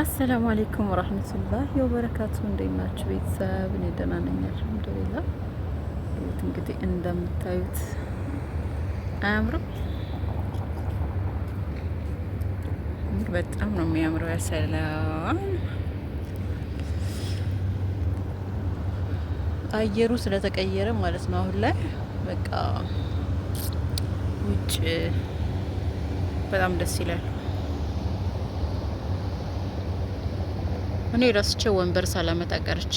አሰላሙ አሌይኩም ወራህመቱላህ ወበረካቱ። እንዴት ናችሁ ቤተሰብ? እኔ ደህና ነኝ አልሐምዱሊላህ። እንግዲህ እንደምታዩት አያምርም? በጣም ነው የሚያምረው። ያሰላም አየሩ ስለተቀየረ ማለት ነው። አሁን ላይ በቃ ውጭ በጣም ደስ ይላል። እኔ ራስቼ ወንበር ሳላመጣ ቀርቼ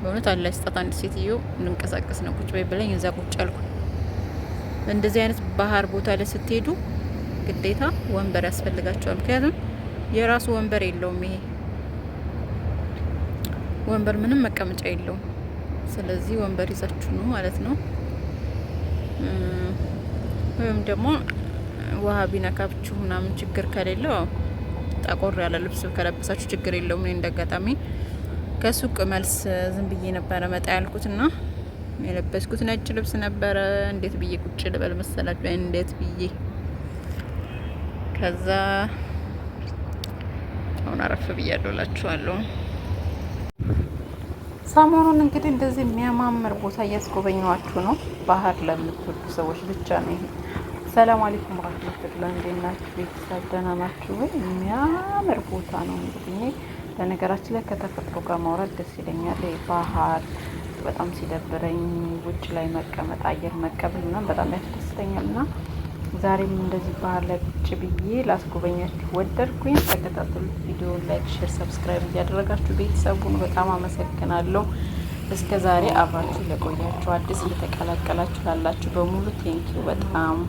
በእውነት አለ ስጣት አንድ ሴትዮ እንንቀሳቀስ ነው ቁጭ በይ ብለኝ እዛ ቁጭ አልኩ። እንደዚህ አይነት ባህር ቦታ ላይ ስትሄዱ ግዴታ ወንበር ያስፈልጋቸዋል። ምክንያቱም የራሱ ወንበር የለውም። ይሄ ወንበር ምንም መቀመጫ የለውም። ስለዚህ ወንበር ይዛችሁ ነው ማለት ነው። ወይም ደግሞ ውሃ ቢነካችሁ ምናምን ችግር ከሌለው ጠቆር ያለ ልብስ ከለበሳችሁ ችግር የለውም። እኔ እንዳጋጣሚ ከሱቅ መልስ ዝም ብዬ ነበረ መጣ ያልኩትና የለበስኩት ነጭ ልብስ ነበረ። እንዴት ብዬ ቁጭ ልበል መሰላችሁ? እንዴት ብዬ ከዛ አሁን አረፍ ብያለሁ ሰሞኑን እንግዲህ እንደዚህ የሚያማምር ቦታ እያስጎበኘዋችሁ ነው። ባህር ለምትወዱ ሰዎች ብቻ ነው ይሄ ሰላም አለይኩም ወራህመቱላሂ እንዴት ናችሁ? ቤተሰብ ደህና ናችሁ ወይ? የሚያምር ቦታ ነው። እንግዲህ በነገራችን ላይ ከተፈጥሮ ጋር ማውራት ደስ ይለኛል። ባህር በጣም ሲደብረኝ ውጭ ላይ መቀመጥ አየር መቀበል ምናምን በጣም ያስደስተኛል እና ዛሬም እንደዚህ ባህር ላይ ቁጭ ብዬ ላስጎበኛችሁ ወደድኩኝ። ተከታተሉ። ቪዲዮ ላይክ፣ ሼር፣ ሰብስክራይብ እያደረጋችሁ ቤተሰቡን በጣም አመሰግናለሁ። እስከ ዛሬ አብራችሁ ለቆያችሁ አዲስ እየተቀላቀላችሁ ላላችሁ በሙሉ ቴንኪው በጣም